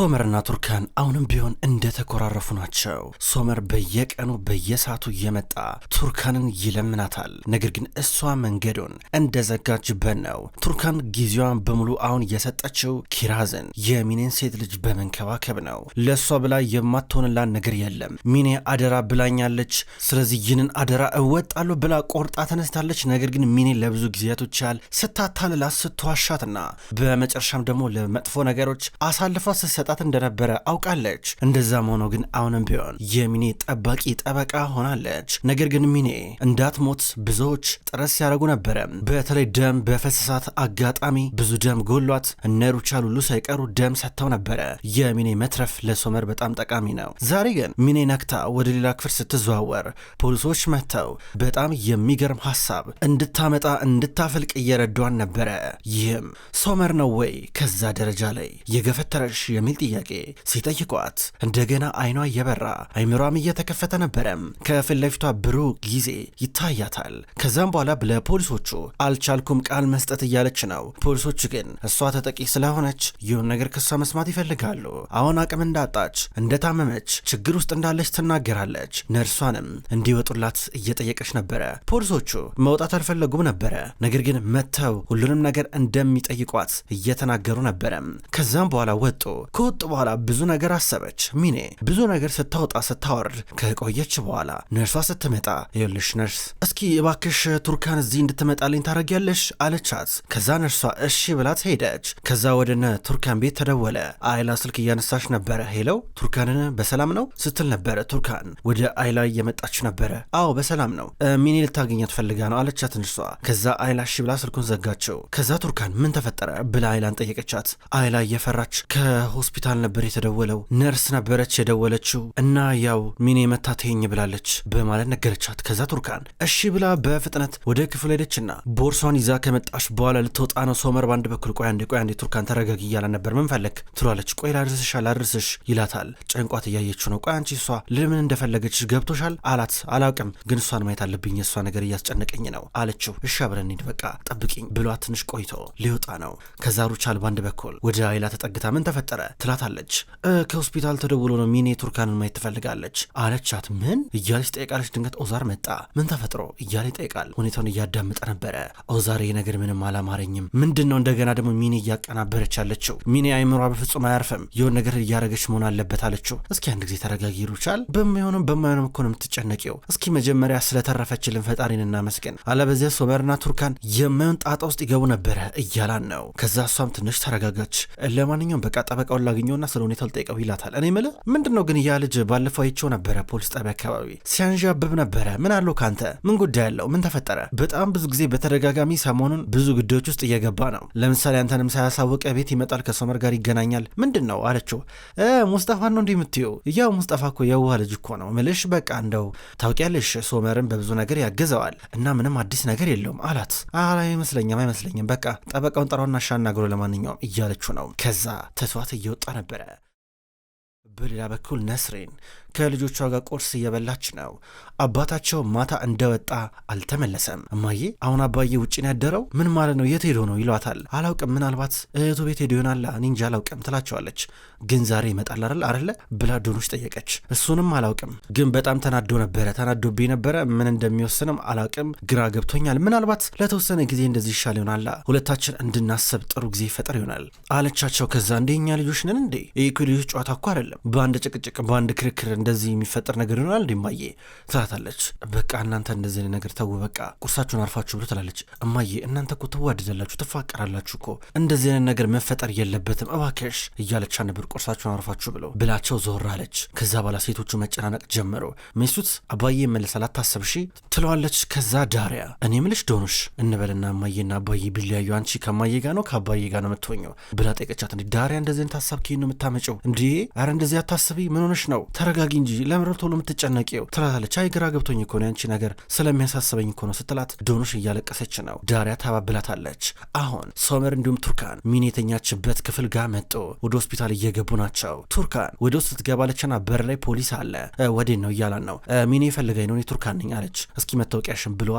ሶመርና ቱርካን አሁንም ቢሆን እንደተኮራረፉ ናቸው። ሶመር በየቀኑ በየሰዓቱ እየመጣ ቱርካንን ይለምናታል። ነገር ግን እሷ መንገዱን እንደዘጋችበት ነው። ቱርካን ጊዜዋን በሙሉ አሁን የሰጠችው ኪራዝን የሚኔን ሴት ልጅ በመንከባከብ ነው። ለእሷ ብላ የማትሆንላን ነገር የለም። ሚኔ አደራ ብላኛለች፣ ስለዚህ ይህንን አደራ እወጣለሁ ብላ ቆርጣ ተነስታለች። ነገር ግን ሚኔ ለብዙ ጊዜያቶች ያህል ስታታልላት ስትዋሻትና በመጨረሻም ደግሞ ለመጥፎ ነገሮች አሳልፋ ስትሰጣ እያስቆጣት እንደነበረ አውቃለች። እንደዛም ሆኖ ግን አሁንም ቢሆን የሚኔ ጠባቂ ጠበቃ ሆናለች። ነገር ግን ሚኔ እንዳትሞት ብዙዎች ጥረት ሲያደርጉ ነበረ። በተለይ ደም በፈሰሳት አጋጣሚ ብዙ ደም ጎሏት እነ ሩቻል ሁሉ ሳይቀሩ ደም ሰጥተው ነበረ። የሚኔ መትረፍ ለሶመር በጣም ጠቃሚ ነው። ዛሬ ግን ሚኔ ነክታ ወደ ሌላ ክፍል ስትዘዋወር ፖሊሶች መጥተው በጣም የሚገርም ሀሳብ እንድታመጣ እንድታፈልቅ እየረዷን ነበረ። ይህም ሶመር ነው ወይ ከዛ ደረጃ ላይ የገፈተረሽ የሚ የሚል ጥያቄ ሲጠይቋት እንደገና አይኗ እየበራ አይምሯም እየተከፈተ ነበረም። ከፊት ለፊቷ ብሩህ ጊዜ ይታያታል። ከዛም በኋላ ለፖሊሶቹ አልቻልኩም ቃል መስጠት እያለች ነው። ፖሊሶቹ ግን እሷ ተጠቂ ስለሆነች ይሁን ነገር ክሷ መስማት ይፈልጋሉ። አሁን አቅም እንዳጣች እንደታመመች ችግር ውስጥ እንዳለች ትናገራለች። ነርሷንም እንዲወጡላት እየጠየቀች ነበረ። ፖሊሶቹ መውጣት አልፈለጉም ነበረ። ነገር ግን መጥተው ሁሉንም ነገር እንደሚጠይቋት እየተናገሩ ነበረም። ከዛም በኋላ ወጡ። ከወጡ በኋላ ብዙ ነገር አሰበች። ሚኔ ብዙ ነገር ስታወጣ ስታወርድ ከቆየች በኋላ ነርሷ ስትመጣ ይኸውልሽ ነርስ፣ እስኪ እባክሽ ቱርካን እዚህ እንድትመጣልኝ ታደርጊያለሽ አለቻት። ከዛ ነርሷ እሺ ብላት ሄደች። ከዛ ወደነ ቱርካን ቤት ተደወለ። አይላ ስልክ እያነሳች ነበረ። ሄለው ቱርካንን በሰላም ነው ስትል ነበረ። ቱርካን ወደ አይላ እየመጣች ነበረ። አዎ በሰላም ነው፣ ሚኔ ልታገኛት ፈልጋ ነው አለቻት ነርሷ። ከዛ አይላ እሺ ብላ ስልኩን ዘጋቸው። ከዛ ቱርካን ምን ተፈጠረ ብላ አይላን ጠየቀቻት። አይላ እየፈራች ከሆስ ሆስፒታል ነበር የተደወለው። ነርስ ነበረች የደወለችው እና ያው ሚኔ መታ ትኝ ብላለች በማለት ነገረቻት። ከዛ ቱርካን እሺ ብላ በፍጥነት ወደ ክፍል ሄደችና ቦርሷን ይዛ ከመጣሽ በኋላ ልትወጣ ነው። ሶመር በአንድ በኩል ቆይ አንዴ ቆይ አንዴ ቱርካን ተረጋግ እያለ ነበር። ምን ፈለግ ትሏለች። ቆይ ላድርስሽ አላድርስሽ ይላታል። ጨንቋት እያየችው ነው። ቆይ አንቺ እሷ ልምን እንደፈለገች ገብቶሻል አላት። አላውቅም ግን እሷን ማየት አለብኝ የእሷ ነገር እያስጨነቀኝ ነው አለችው። እሺ አብረን እንሂድ በቃ ጠብቂኝ ብሏት ትንሽ ቆይቶ ሊወጣ ነው። ከዛ ሩቻል በአንድ በኩል ወደ አይላ ተጠግታ ምን ተፈጠረ ትላታለች። ከሆስፒታል ተደውሎ ነው ሚኔ ቱርካንን ማየት ትፈልጋለች አለቻት። ምን እያለች ጠይቃለች። ድንገት ኦዛር መጣ። ምን ተፈጥሮ እያለ ይጠይቃል። ሁኔታውን እያዳመጠ ነበረ። ኦዛር ይህ ነገር ምንም አላማረኝም። ምንድን ነው እንደገና ደግሞ ሚኔ እያቀናበረች ያለችው? ሚኔ አይምሯ በፍጹም አያርፍም። የሆን ነገር እያደረገች መሆን አለበት አለችው። እስኪ አንድ ጊዜ ተረጋጊ ይሉቻል። በሚሆንም በማይሆንም እኮ ነው የምትጨነቂው። እስኪ መጀመሪያ ስለተረፈችልን ፈጣሪን እናመስግን። አለበዚያ ሶመርና ቱርካን የማይሆን ጣጣ ውስጥ ይገቡ ነበረ እያላን ነው። ከዛ እሷም ትንሽ ተረጋጋች። ለማንኛውም በቃ ጠበቃውን ላግኘውና ስለ ሁኔታው ልጠይቀው ይላታል። እኔ ምል ምንድን ነው ግን ያ ልጅ ባለፈው አይቼው ነበረ ፖሊስ ጣቢያ አካባቢ ሲያንዣብብ ነበረ። ምን አለው ካንተ? ምን ጉዳይ አለው? ምን ተፈጠረ? በጣም ብዙ ጊዜ በተደጋጋሚ ሰሞኑን ብዙ ጉዳዮች ውስጥ እየገባ ነው። ለምሳሌ አንተንም ሳያሳወቀ ቤት ይመጣል፣ ከሶመር ጋር ይገናኛል። ምንድን ነው አለችው። ሙስጣፋ ነው እንዲህ የምትየው? ያው ሙስጣፋ እኮ የዋህ ልጅ እኮ ነው ምልሽ። በቃ እንደው ታውቂያለሽ፣ ሶመርን በብዙ ነገር ያገዘዋል እና ምንም አዲስ ነገር የለውም አላት። አላ አይመስለኝም። በቃ ጠበቃውን ጠራውና ሻናግሮ ለማንኛውም እያለችው ነው። ከዛ ተስዋት እየወጡ እየወጣ ነበረ። በሌላ በኩል ነስሬን ከልጆቿ ጋር ቁርስ እየበላች ነው። አባታቸው ማታ እንደወጣ አልተመለሰም። እማዬ አሁን አባዬ ውጭ ነው ያደረው? ምን ማለት ነው? የት ሄዶ ነው ይሏታል። አላውቅም፣ ምናልባት እህቱ ቤት ሄዶ ይሆናል፣ እኔ እንጂ አላውቅም ትላቸዋለች። ግን ዛሬ ይመጣል አይደል አይደለ ብላ ዶኖች ጠየቀች። እሱንም አላውቅም፣ ግን በጣም ተናዶ ነበረ፣ ተናዶብኝ ነበረ። ምን እንደሚወስንም አላውቅም፣ ግራ ገብቶኛል። ምናልባት ለተወሰነ ጊዜ እንደዚህ ይሻል ይሆናላ፣ ሁለታችን እንድናሰብ ጥሩ ጊዜ ይፈጠር ይሆናል አለቻቸው። ከዛ እንደኛ ልጆች ነን እንዴ? ይህ ልጆች ጨዋታ እኮ አይደለም፣ በአንድ ጭቅጭቅ በአንድ ክርክር እንደዚህ የሚፈጠር ነገር ይሆናል እንዲማዬ ትላታለች። በቃ እናንተ እንደዚህ ነገር ተው፣ በቃ ቁርሳችሁን አርፋችሁ ብሎ ትላለች። እማዬ እናንተ እኮ ትዋደዳላችሁ፣ ትፋቀራላችሁ እኮ እንደዚህ አይነት ነገር መፈጠር የለበትም እባክሽ እያለች ነበር። ቁርሳችሁን አርፋችሁ ብለው ብላቸው ዞር አለች። ከዛ በኋላ ሴቶቹ መጨናነቅ ጀመሩ። ሚስቱት አባዬ መለሳል አታሰብ ሺ ትለዋለች። ከዛ ዳሪያ እኔ ምልሽ ዶኖሽ እንበልና እማዬና አባዬ ቢለያዩ አንቺ ከማዬ ጋ ነው ከአባዬ ጋ ነው የምትሆኘው ብላ ጠየቀቻት። እንዲ ዳሪያ እንደዚህ ታሳብ ነው የምታመጨው እንዲህ አረ እንደዚህ አታስቢ ምን ሆነሽ ነው ተረጋ አድርጊ እንጂ ለምረር ቶሎ የምትጨነቂው ትላታለች። አይ ግራ ገብቶኝ እኮ ነው ያንቺ ነገር ስለሚያሳስበኝ እኮ ነው ስትላት ዶኖሽ እያለቀሰች ነው። ዳሪያ ታባብላታለች። አሁን ሶመር እንዲሁም ቱርካን ሚን የተኛችበት ክፍል ጋር መጡ። ወደ ሆስፒታል እየገቡ ናቸው። ቱርካን ወደ ውስጥ ትገባለችና በር ላይ ፖሊስ አለ። ወዴን ነው እያላን ነው። ሚን የፈለገኝ ነው እኔ ቱርካን ነኝ አለች። እስኪ መታወቂያሽን ብሎ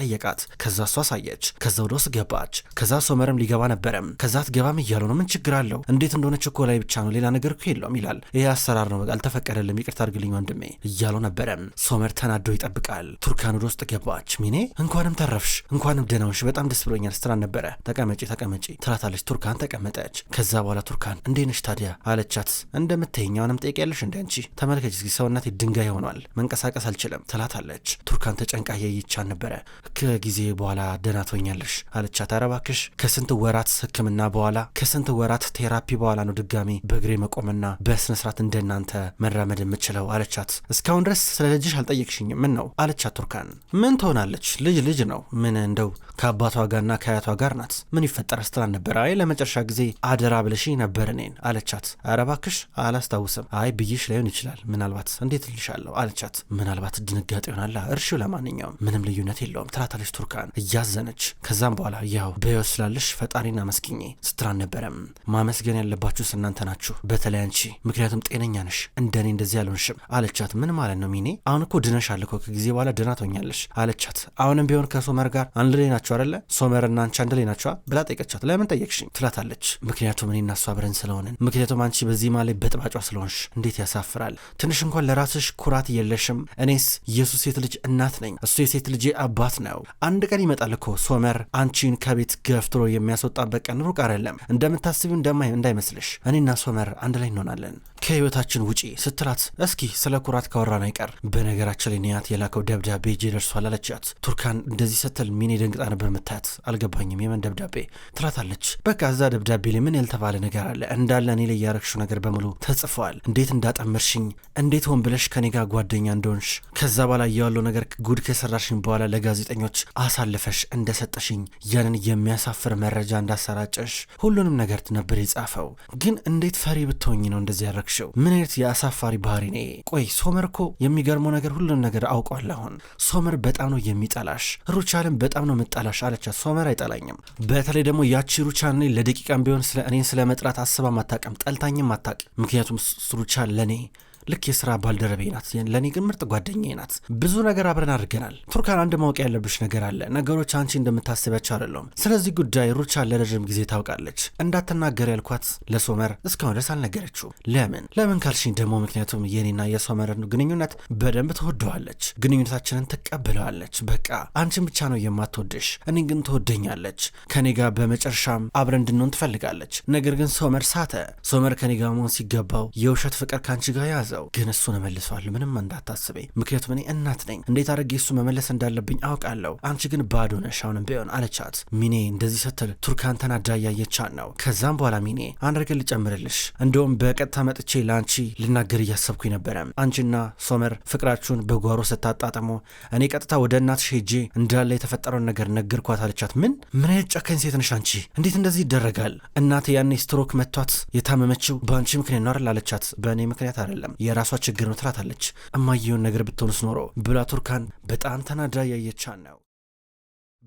ጠየቃት። ከዛ እሷ አሳየች። ከዛ ወደ ውስጥ ገባች። ከዛ ሶመርም ሊገባ ነበረም። ከዛ ትገባም እያሉ ነው። ምን ችግር አለው? እንዴት እንደሆነች እኮ ላይ ብቻ ነው ሌላ ነገር እኮ የለውም ይላል። ይህ አሰራር ነው በቃ አልተፈቀደልም ይቅርታ አድርግልኝ ወንድሜ እያለው ነበረም። ሶመር ተናዶ ይጠብቃል። ቱርካን ወደ ውስጥ ገባች። ሚኔ እንኳንም ተረፍሽ፣ እንኳንም ደናውሽ፣ በጣም ደስ ብሎኛል ስትላን ነበረ። ተቀመጪ ተቀመጪ ትላታለች። ቱርካን ተቀመጠች። ከዛ በኋላ ቱርካን እንዴት ነሽ ታዲያ አለቻት። እንደምትይኛውንም ጠይቄያለሽ እንደ አንቺ ተመልከች እስኪ ሰውነቴ ድንጋይ ሆኗል፣ መንቀሳቀስ አልችልም ትላታለች። ቱርካን ተጨንቃ የይቻን ነበረ። ከጊዜ በኋላ ደህና ትሆኛለሽ አለቻት። ኧረ እባክሽ ከስንት ወራት ህክምና በኋላ ከስንት ወራት ቴራፒ በኋላ ነው ድጋሚ በእግሬ መቆምና በስነስርዓት እንደናንተ መራመድ የምችለው አለቻት። እስካሁን ድረስ ስለ ልጅሽ አልጠየቅሽኝም ምን ነው አለቻት። ቱርካን ምን ትሆናለች ልጅ ልጅ ነው ምን እንደው ከአባቷ ጋርና ከአያቷ ጋር ናት ምን ይፈጠር ስትላን ነበር። አይ ለመጨረሻ ጊዜ አደራ ብለሽ ነበር እኔን አለቻት። ኧረ እባክሽ አላስታውስም። አይ ብይሽ ላይሆን ይችላል ምናልባት እንዴት ልልሻለሁ አለቻት። ምናልባት ድንጋጤ ይሆናላ እርሺው ለማንኛውም ምንም ልዩነት የለውም ትላታለች ቱርካን እያዘነች። ከዛም በኋላ ያው በህይወት ስላለሽ ፈጣሪን አመስግኜ ስትላን ነበረም። ማመስገን ያለባችሁ እናንተ ናችሁ፣ በተለይ አንቺ ምክንያቱም ጤነኛ ነሽ እንደኔ እንደዚህ አልሆንሽም አለቻት። ምን ማለት ነው ሚኔ? አሁን እኮ ድነሽ እኮ ከጊዜ በኋላ ድና ትሆኛለሽ አለቻት። አሁንም ቢሆን ከሶመር ጋር አንድ ላይ ናቸው አለ ሶመር እና አንቺ አንድ ላይ ናቸዋ ብላ ጠይቀቻት። ለምን ጠየቅሽኝ ትላታለች። ምክንያቱም እኔ እና እሷ አብረን ስለሆንን፣ ምክንያቱም አንቺ በዚህ ማ ላይ በጥባጫ ስለሆንሽ። እንዴት ያሳፍራል! ትንሽ እንኳን ለራስሽ ኩራት የለሽም። እኔስ የሱ ሴት ልጅ እናት ነኝ፣ እሱ የሴት ልጄ አባት ነው። አንድ ቀን ይመጣል እኮ ሶመር አንቺን ከቤት ገፍትሮ የሚያስወጣበት ቀን ሩቅ አይደለም። እንደምታስቢው እንዳይመስልሽ እኔና ሶመር አንድ ላይ እንሆናለን። ከህይወታችን ውጪ ስትላት እስኪ ስለ ኩራት ካወራን አይቀር በነገራችን ላይ ኒያት የላከው ደብዳቤ እጄ ደርሷል አለቻት። ቱርካን እንደዚህ ስትል ሚኔ ደንግጣ ነበር የምታያት። አልገባኝም የምን ደብዳቤ ትላታለች። በቃ እዛ ደብዳቤ ላይ ምን ያልተባለ ነገር አለ? እንዳለ እኔ ላይ ያረግሽው ነገር በሙሉ ተጽፏል። እንዴት እንዳጠመርሽኝ፣ እንዴት ሆን ብለሽ ከኔ ጋር ጓደኛ እንደሆንሽ፣ ከዛ በኋላ ያለው ነገር ጉድ ከሰራሽኝ በኋላ ለጋዜጠኞች አሳልፈሽ እንደሰጠሽኝ፣ ያንን የሚያሳፍር መረጃ እንዳሰራጨሽ ሁሉንም ነገር ነበር የጻፈው። ግን እንዴት ፈሪ ብትሆኝ ነው እንደዚህ ያረግሽው? ምን አይነት የአሳፋሪ ባህሪ ነ ቆይ ሶመር እኮ የሚገርመው ነገር ሁሉን ነገር አውቋል። አሁን ሶመር በጣም ነው የሚጠላሽ፣ ሩቻንም በጣም ነው የምጠላሽ አለቻት። ሶመር አይጠላኝም። በተለይ ደግሞ ያቺ ሩቻን ለደቂቃም ቢሆን እኔን ስለ አስባ ማታቀም ጠልታኝም አታቅ። ምክንያቱም ሩቻ ለእኔ ልክ የስራ ባልደረቤ ናት፣ ለእኔ ግን ምርጥ ጓደኛዬ ናት። ብዙ ነገር አብረን አድርገናል። ቱርካን፣ አንድ ማወቅ ያለብሽ ነገር አለ። ነገሮች አንቺ እንደምታስቢያቸው አይደለም። ስለዚህ ጉዳይ ሩቻ ለረዥም ጊዜ ታውቃለች። እንዳትናገር ያልኳት ለሶመር እስካሁን ድረስ አልነገረችው። ለምን ለምን ካልሽኝ ደግሞ ምክንያቱም የኔና የሶመርን ግንኙነት በደንብ ትወደዋለች፣ ግንኙነታችንን ትቀብለዋለች። በቃ አንቺን ብቻ ነው የማትወድሽ፣ እኔ ግን ትወደኛለች። ከኔ ጋር በመጨረሻም አብረን እንድንሆን ትፈልጋለች። ነገር ግን ሶመር ሳተ። ሶመር ከኔ ጋር መሆን ሲገባው የውሸት ፍቅር ከአንቺ ጋር ያዘ የምመልሰው ግን እሱ እመልሰዋለሁ። ምንም እንዳታስበኝ፣ ምክንያቱም እኔ እናት ነኝ። እንዴት አድርጌ እሱ መመለስ እንዳለብኝ አውቃለሁ። አንቺ ግን ባዶ ነሽ አሁንም ቢሆን አለቻት። ሚኔ እንደዚህ ስትል ቱርካን ተናዳ እያየቻት ነው። ከዛም በኋላ ሚኔ አንድ ነገር ልጨምርልሽ፣ እንደውም በቀጥታ መጥቼ ለአንቺ ልናገር እያሰብኩኝ ነበረ። አንቺና ሶመር ፍቅራችሁን በጓሮ ስታጣጥሙ እኔ ቀጥታ ወደ እናትሽ ሄጄ እንዳለ የተፈጠረውን ነገር ነገርኳት አለቻት። ምን ምን አይነት ጨካኝ ሴት ነሽ አንቺ! እንዴት እንደዚህ ይደረጋል? እናቴ ያኔ ስትሮክ መቷት የታመመችው በአንቺ ምክንያት ነው አለቻት። በእኔ ምክንያት አይደለም የራሷ ችግር ነው ትላታለች። እማየውን ነገር ብትሆንስ ኖሮ ብላ ቱርካን በጣም ተናዳ ያየቻን ነው።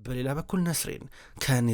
በሌላ በኩል ነስሬን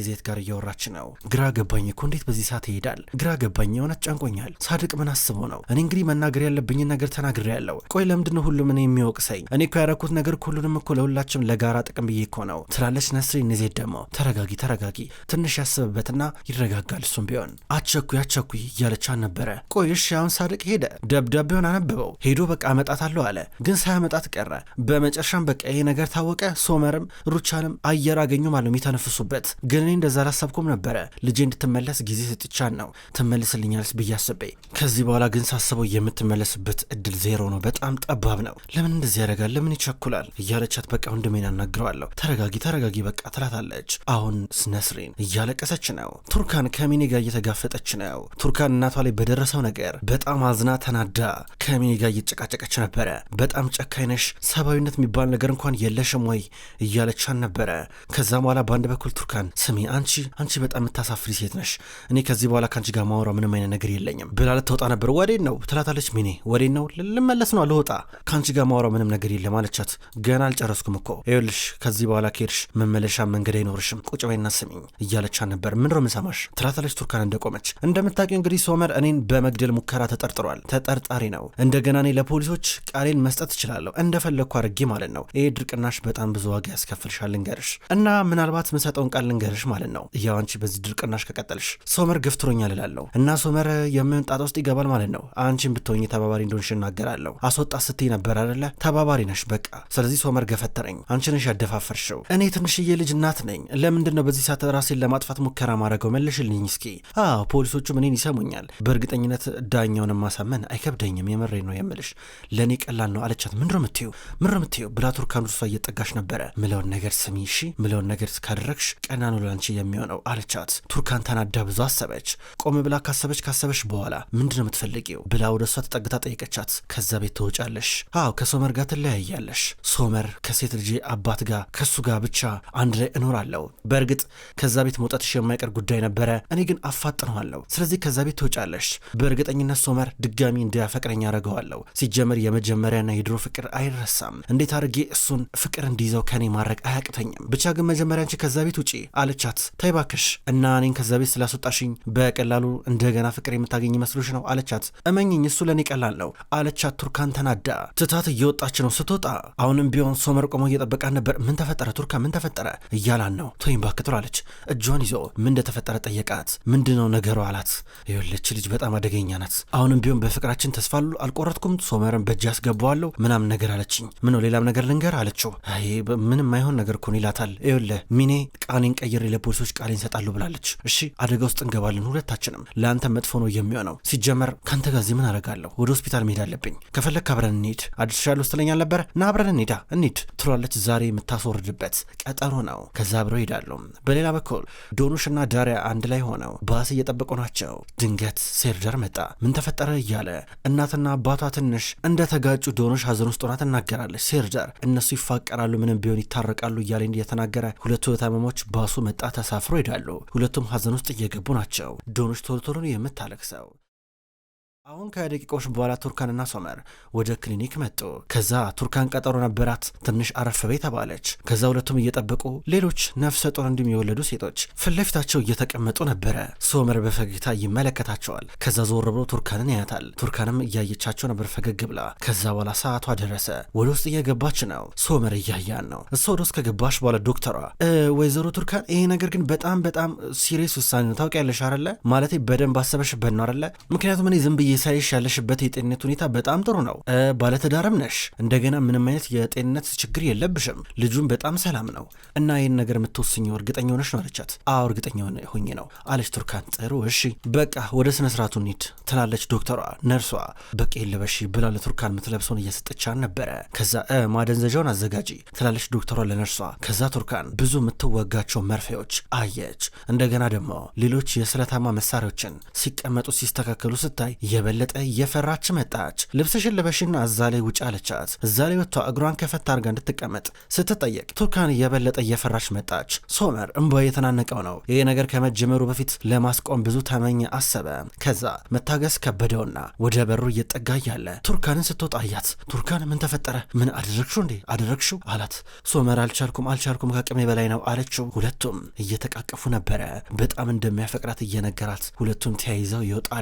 ዜት ጋር እያወራች ነው። ግራ ገባኝ እኮ እንዴት በዚህ ሰዓት ይሄዳል? ግራ ገባኝ፣ የእውነት ጨንቆኛል። ሳድቅ ምን አስቦ ነው? እኔ እንግዲህ መናገር ያለብኝን ነገር ተናግሬ ያለው። ቆይ ለምንድን ነው ሁሉም እኔ የሚወቅሰኝ? እኔ እኮ ያረኩት ነገር ሁሉንም እኮ ለሁላችም ለጋራ ጥቅም ብዬ እኮ ነው ትላለች ነስሬን። ኔዜት ደግሞ ተረጋጊ፣ ተረጋጊ፣ ትንሽ ያስብበትና ይረጋጋል። እሱም ቢሆን አቸኩይ፣ አቸኩይ እያለች ነበረ። ቆይ እሺ፣ አሁን ሳድቅ ሄደ፣ ደብዳቤውን አነበበው፣ ሄዶ በቃ አመጣታለሁ አለ። ግን ሳያመጣት ቀረ። በመጨረሻም በቃ ይሄ ነገር ታወቀ። ሶመርም ሩቻንም አየር አየር አገኙ ማለት የሚተነፍሱበት። ግን እኔ እንደዛ አላሰብኩም ነበረ። ልጄ እንድትመለስ ጊዜ ስጥቻን ነው ትመልስልኛለች ብዬ አስቤ፣ ከዚህ በኋላ ግን ሳስበው የምትመለስበት እድል ዜሮ ነው። በጣም ጠባብ ነው። ለምን እንደዚህ ያደርጋል? ለምን ይቸኩላል? እያለቻት በቃ ወንድሜን አናግረዋለሁ፣ ተረጋጊ ተረጋጊ በቃ ትላታለች። አሁን ስነስሪን እያለቀሰች ነው። ቱርካን ከሚኔ ጋር እየተጋፈጠች ነው። ቱርካን እናቷ ላይ በደረሰው ነገር በጣም አዝና ተናዳ ከሚኔ ጋር እየጨቃጨቀች ነበረ። በጣም ጨካኝ ነሽ፣ ሰብአዊነት የሚባል ነገር እንኳን የለሽም ወይ እያለቻን ነበረ። ከዛ በኋላ በአንድ በኩል ቱርካን ስሚ አንቺ አንቺ በጣም የምታሳፍሪ ሴት ነሽ፣ እኔ ከዚህ በኋላ ከአንቺ ጋር ማወራ ምንም አይነት ነገር የለኝም ብላ ልትወጣ ነበር። ወዴት ነው ትላታለች ሚኔ። ወዴት ነው ልመለስ ነው ልወጣ፣ ከአንቺ ጋር ማውራ ምንም ነገር የለም አለቻት። ገና አልጨረስኩም እኮ ይኸውልሽ፣ ከዚህ በኋላ ከሄድሽ መመለሻ መንገድ አይኖርሽም። ቁጭ በይና ስሚኝ እያለቻ ነበር። ምን ነው ምሰማሽ ትላታለች ቱርካን እንደቆመች። እንደምታውቂው እንግዲህ ሶመር እኔን በመግደል ሙከራ ተጠርጥሯል፣ ተጠርጣሪ ነው። እንደገና እኔ ለፖሊሶች ቃሌን መስጠት እችላለሁ እንደፈለግኩ አድርጌ ማለት ነው። ይሄ ድርቅናሽ በጣም ብዙ ዋጋ ያስከፍልሻል ልንገርሽ እና ምናልባት ምሰጠውን ቃል ልንገርሽ ማለት ነው እያው አንቺ በዚህ ድርቅናሽ ከቀጠልሽ ሶመር ገፍትሮኛል እላለሁ እና ሶመር የምንጣጣ ውስጥ ይገባል ማለት ነው። አንቺን ብትሆኝ ተባባሪ እንደሆንሽ እናገራለሁ። አስወጣ ስትይ ነበር አይደለ? ተባባሪ ነሽ በቃ። ስለዚህ ሶመር ገፈተረኝ፣ አንቺ ነሽ ያደፋፈርሽው። እኔ ትንሽዬ ልጅ እናት ነኝ። ለምንድን ነው በዚህ ሰዓት ራሴን ለማጥፋት ሙከራ ማድረገው? መልሽልኝ እስኪ። አዎ ፖሊሶቹም እኔን ይሰሙኛል። በእርግጠኝነት ዳኛውን ማሳመን አይከብደኝም። የምሬ ነው የምልሽ፣ ለእኔ ቀላል ነው አለቻት። ምንድሮ ነው ምንድሮ ምንድን ብላ ቱርካን እየጠጋሽ ነበረ። ምለውን ነገር ስሚ እሺ የምለውን ነገር እስካደረግሽ ቀና ነው ላንቺ የሚሆነው አለቻት። ቱርካን ተናዳ ብዙ አሰበች። ቆም ብላ ካሰበች ካሰበች በኋላ ምንድነው የምትፈልጊው ብላ ወደ እሷ ተጠግታ ጠየቀቻት። ከዛ ቤት ትወጫለሽ። አዎ ከሶመር ጋር ትለያያለሽ። ሶመር ከሴት ልጅ አባት ጋር ከሱ ጋር ብቻ አንድ ላይ እኖራለሁ። በእርግጥ ከዛ ቤት መውጣትሽ የማይቀር ጉዳይ ነበረ፣ እኔ ግን አፋጥነዋለሁ። ስለዚህ ከዛ ቤት ትወጫለሽ። በእርግጠኝነት ሶመር ድጋሚ እንዲያፈቅረኝ አደርገዋለሁ። ሲጀመር የመጀመሪያና የድሮ ፍቅር አይረሳም። እንዴት አድርጌ እሱን ፍቅር እንዲይዘው ከኔ ማድረግ አያቅተኝም ብቻ ግን መጀመሪያ አንቺ ከዛ ቤት ውጪ አለቻት። ተይ እባክሽ እና እኔን ከዛ ቤት ስላስወጣሽኝ በቀላሉ እንደገና ፍቅር የምታገኝ መስሎሽ ነው አለቻት። እመኝኝ እሱ ለእኔ ቀላል ነው አለቻት። ቱርካን ተናዳ ትታት እየወጣች ነው። ስትወጣ አሁንም ቢሆን ሶመር ቆሞ እየጠበቃን ነበር። ምን ተፈጠረ ቱርካን ምን ተፈጠረ እያላን ነው። ቶይም ባክትሮ አለች። እጇን ይዞ ምን እንደተፈጠረ ጠየቃት። ምንድነው ነገሩ አላት። ይኸውልሽ ልጅ በጣም አደገኛ ናት። አሁንም ቢሆን በፍቅራችን ተስፋ አልቆረጥኩም። ሶመርን በእጅ ያስገባዋለሁ ምናምን ነገር አለችኝ። ምነው ሌላም ነገር ልንገር አለችው። ምንም አይሆን ነገር እኮን ይላታል። ይወለ ሚኔ ቃሌን ቀይሬ ለፖሊሶች ቃሌን ሰጣሉ ብላለች። እሺ አደጋ ውስጥ እንገባለን ሁለታችንም። ለአንተ መጥፎ ነው የሚሆነው። ሲጀመር ከአንተ ጋር እዚህ ምን አደርጋለሁ? ወደ ሆስፒታል መሄድ አለብኝ። ከፈለግክ አብረን እንሂድ። አድርሻለሁ ስትለኝ ነበር ና አብረን እንሂዳ እንሂድ ትሏለች። ዛሬ የምታስወርድበት ቀጠሮ ነው። ከዛ አብረው ይሄዳሉ። በሌላ በኩል ዶኖሽ እና ዳሪያ አንድ ላይ ሆነው ባስ እየጠበቁ ናቸው። ድንገት ሴርደር መጣ። ምን ተፈጠረ እያለ እናትና አባቷ ትንሽ እንደተጋጩ ዶኖሽ ሀዘን ውስጥ ሆና ትናገራለች። ሴርደር እነሱ ይፋቀራሉ ምንም ቢሆን ይታረቃሉ እያለ እየተናገ ተናገረ። ሁለቱ ህመሞች ባሱ መጣ ተሳፍሮ ሄዳሉ። ሁለቱም ሀዘን ውስጥ እየገቡ ናቸው። ዶኖች ቶሎ ቶሎ የምታለቅሰው። አሁን ከደቂቃዎች በኋላ ቱርካንና ሶመር ወደ ክሊኒክ መጡ። ከዛ ቱርካን ቀጠሮ ነበራት፣ ትንሽ አረፍ ተባለች። ከዛ ሁለቱም እየጠበቁ ሌሎች ነፍሰ ጡር እንዲሁም የወለዱ ሴቶች ፊት ለፊታቸው እየተቀመጡ ነበረ። ሶመር በፈገግታ ይመለከታቸዋል። ከዛ ዞር ብሎ ቱርካንን ያያታል። ቱርካንም እያየቻቸው ነበር ፈገግ ብላ። ከዛ በኋላ ሰዓቷ ደረሰ፣ ወደ ውስጥ እየገባች ነው። ሶመር እያያን ነው። እሷ ወደ ውስጥ ከገባች በኋላ ዶክተሯ፣ ወይዘሮ ቱርካን ይሄ ነገር ግን በጣም በጣም ሲሪየስ ውሳኔ ነው ታውቂያለሽ አለ። ማለቴ በደንብ አሰበሽበት ነው አለ። ምክንያቱም እኔ ዝም ብዬ የሳይሽ ያለሽበት የጤንነት ሁኔታ በጣም ጥሩ ነው። ባለትዳርም ነሽ። እንደገና ምንም አይነት የጤንነት ችግር የለብሽም። ልጁም በጣም ሰላም ነው እና ይህን ነገር የምትወስኝ እርግጠኛ ሆነሽ ነው አለቻት። አዎ እርግጠኛ ሆኜ ነው አለች ቱርካን። ጥሩ እሺ በቃ ወደ ስነ ስርዓቱ እንሂድ ትላለች ዶክተሯ። ነርሷ በቂ ልበሺ ብላ ለቱርካን የምትለብሰውን እየሰጠቻን ነበረ። ከዛ ማደንዘዣውን አዘጋጂ ትላለች ዶክተሯ ለነርሷ። ከዛ ቱርካን ብዙ የምትወጋቸው መርፌዎች አየች። እንደገና ደግሞ ሌሎች የስለታማ መሳሪያዎችን ሲቀመጡ ሲስተካከሉ ስታይ የበ የበለጠ እየፈራች መጣች። ልብስሽን ልበሽና እዛ ላይ ውጭ አለቻት። እዛ ላይ ወጥቷ እግሯን ከፈት አርጋ እንድትቀመጥ ስትጠየቅ ቱርካን የበለጠ እየፈራች መጣች። ሶመር እንባ እየተናነቀው ነው። ይህ ነገር ከመጀመሩ በፊት ለማስቆም ብዙ ተመኘ አሰበ። ከዛ መታገስ ከበደውና ወደ በሩ እየጠጋ ያለ ቱርካንን ስትወጣ አያት። ቱርካን ምን ተፈጠረ? ምን አደረግሽው እንዴ አደረግሽው አላት። ሶመር አልቻልኩም አልቻልኩም ከአቅሜ በላይ ነው አለችው። ሁለቱም እየተቃቀፉ ነበረ። በጣም እንደሚያፈቅራት እየነገራት ሁለቱም ተያይዘው ይወጣሉ።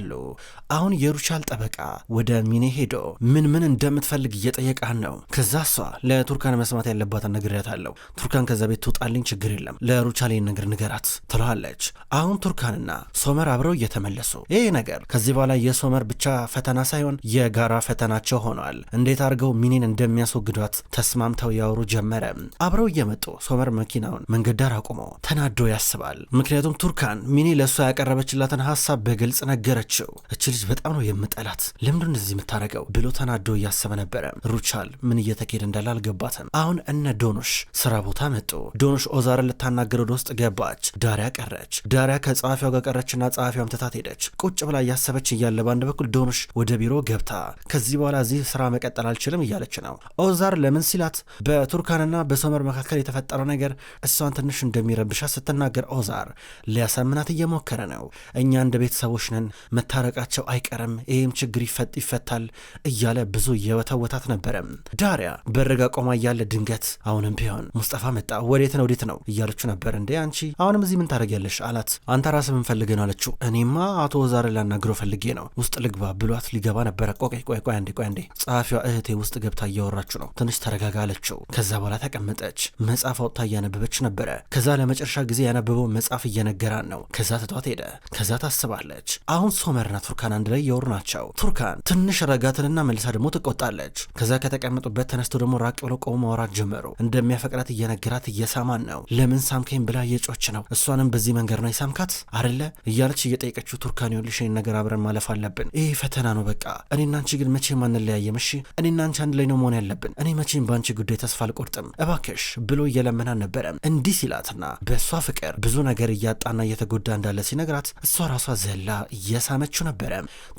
አሁን የ ሩቻል ጠበቃ ወደ ሚኔ ሄዶ ምን ምን እንደምትፈልግ እየጠየቃን ነው። ከዛ እሷ ለቱርካን መስማት ያለባትን ነግሬያታለሁ። ቱርካን ከዛ ቤት ትውጣልኝ፣ ችግር የለም ለሩቻል ይህን ነገር ንገራት ትለዋለች። አሁን ቱርካንና ሶመር አብረው እየተመለሱ ይህ ነገር ከዚህ በኋላ የሶመር ብቻ ፈተና ሳይሆን የጋራ ፈተናቸው ሆኗል። እንዴት አድርገው ሚኔን እንደሚያስወግዷት ተስማምተው ያወሩ ጀመረ። አብረው እየመጡ ሶመር መኪናውን መንገድ ዳር አቁሞ ተናዶ ያስባል። ምክንያቱም ቱርካን ሚኔ ለእሷ ያቀረበችላትን ሀሳብ በግልጽ ነገረችው። እች ልጅ በጣም ነው የምጠላት? ለምንድን እንደዚህ የምታደርገው ብሎ ተናዶ እያሰበ ነበረ። ሩቻል ምን እየተካሄደ እንዳለ አልገባትም። አሁን እነ ዶኖሽ ስራ ቦታ መጡ። ዶኖሽ ኦዛርን ልታናገር ወደ ውስጥ ገባች። ዳሪያ ቀረች። ዳሪያ ከጸሐፊዋ ጋር ቀረችና ጸሐፊዋም ትታት ሄደች። ቁጭ ብላ እያሰበች እያለ በአንድ በኩል ዶኖሽ ወደ ቢሮ ገብታ ከዚህ በኋላ እዚህ ስራ መቀጠል አልችልም እያለች ነው። ኦዛር ለምን ሲላት በቱርካንና በሶመር መካከል የተፈጠረው ነገር እሷን ትንሽ እንደሚረብሻ ስትናገር ኦዛር ሊያሳምናት እየሞከረ ነው። እኛ እንደ ቤተሰቦች ነን፣ መታረቃቸው አይቀርም አይቀርም፣ ይህም ችግር ይፈጥ ይፈታል እያለ ብዙ የወተወታት ነበረ። ዳሪያ በረጋ ቆማ እያለ ድንገት አሁንም ቢሆን ሙስጠፋ መጣ። ወዴት ነው ወዴት ነው እያለችው ነበር። እንዴ አንቺ አሁንም እዚህ ምን ታደርጊያለሽ? አላት። አንተ ራስ ምን ፈልገህ ነው አለችው። እኔማ አቶ ዛሬ ላናግረው ፈልጌ ነው ውስጥ ልግባ ብሏት ሊገባ ነበረ። ቆቀይ ቆይ ቆይ አንዴ ቆይ አንዴ፣ ጸሐፊዋ እህቴ ውስጥ ገብታ እያወራችሁ ነው፣ ትንሽ ተረጋጋ አለችው። ከዛ በኋላ ተቀመጠች። መጽሐፍ አውጥታ እያነበበች ነበረ። ከዛ ለመጨረሻ ጊዜ ያነበበውን መጽሐፍ እየነገራን ነው። ከዛ ትቷት ሄደ። ከዛ ታስባለች። አሁን ሶመርና ቱርካን አንድ ላይ እየወሩ ናቸው። ቱርካን ትንሽ ረጋ መልሳ ደግሞ ትቆጣለች። ከዛ ከተቀመጡበት ተነስቶ ደግሞ ራቅ ብለው ቆሞ ማውራት ጀመሩ። እንደሚያፈቅራት እየነገራት እየሳማን ነው። ለምን ሳምከኝ ብላ እየጮች ነው። እሷንም በዚህ መንገድ ነው የሳምካት አደለ እያለች እየጠየቀችው ቱርካን ይኸውልሽ ይህን ነገር አብረን ማለፍ አለብን። ይህ ፈተና ነው በቃ። እኔና አንቺ ግን መቼም አንለያየም እሺ። እኔና አንቺ አንድ ላይ ነው መሆን ያለብን። እኔ መቼም በአንቺ ጉዳይ ተስፋ አልቆርጥም እባክሽ ብሎ እየለመና ነበረም። እንዲህ ሲላትና በእሷ ፍቅር ብዙ ነገር እያጣና እየተጎዳ እንዳለ ሲነግራት እሷ ራሷ ዘላ እየሳመችው ነበረ።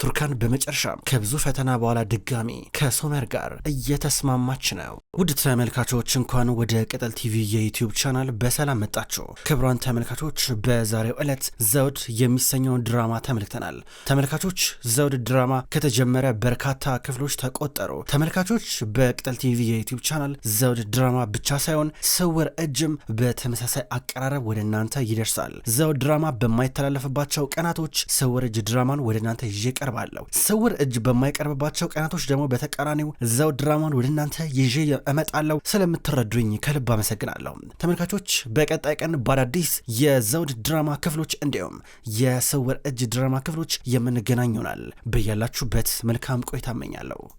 ቱርካን በመጨረሻም ከብዙ ፈተና በኋላ ድጋሚ ከሶመር ጋር እየተስማማች ነው። ውድ ተመልካቾች እንኳን ወደ ቅጠል ቲቪ የዩቲዩብ ቻናል በሰላም መጣችሁ። ክቡራን ተመልካቾች በዛሬው ዕለት ዘውድ የሚሰኘውን ድራማ ተመልክተናል። ተመልካቾች ዘውድ ድራማ ከተጀመረ በርካታ ክፍሎች ተቆጠሩ። ተመልካቾች በቅጠል ቲቪ የዩቲዩብ ቻናል ዘውድ ድራማ ብቻ ሳይሆን ስውር እጅም በተመሳሳይ አቀራረብ ወደ እናንተ ይደርሳል። ዘውድ ድራማ በማይተላለፍባቸው ቀናቶች ስውር እጅ ድራማን ወደ እናንተ ይዤ ቀርባል። አቀርባለሁ። ስውር እጅ በማይቀርብባቸው ቀናቶች ደግሞ በተቃራኒው እዛው ድራማን ወደ እናንተ ይዤ እመጣለሁ። ስለምትረዱኝ ከልብ አመሰግናለሁ። ተመልካቾች በቀጣይ ቀን በአዳዲስ የዘውድ ድራማ ክፍሎች እንዲሁም የስውር እጅ ድራማ ክፍሎች የምንገናኝ ይሆናል። በያላችሁበት መልካም ቆይታ እመኛለሁ።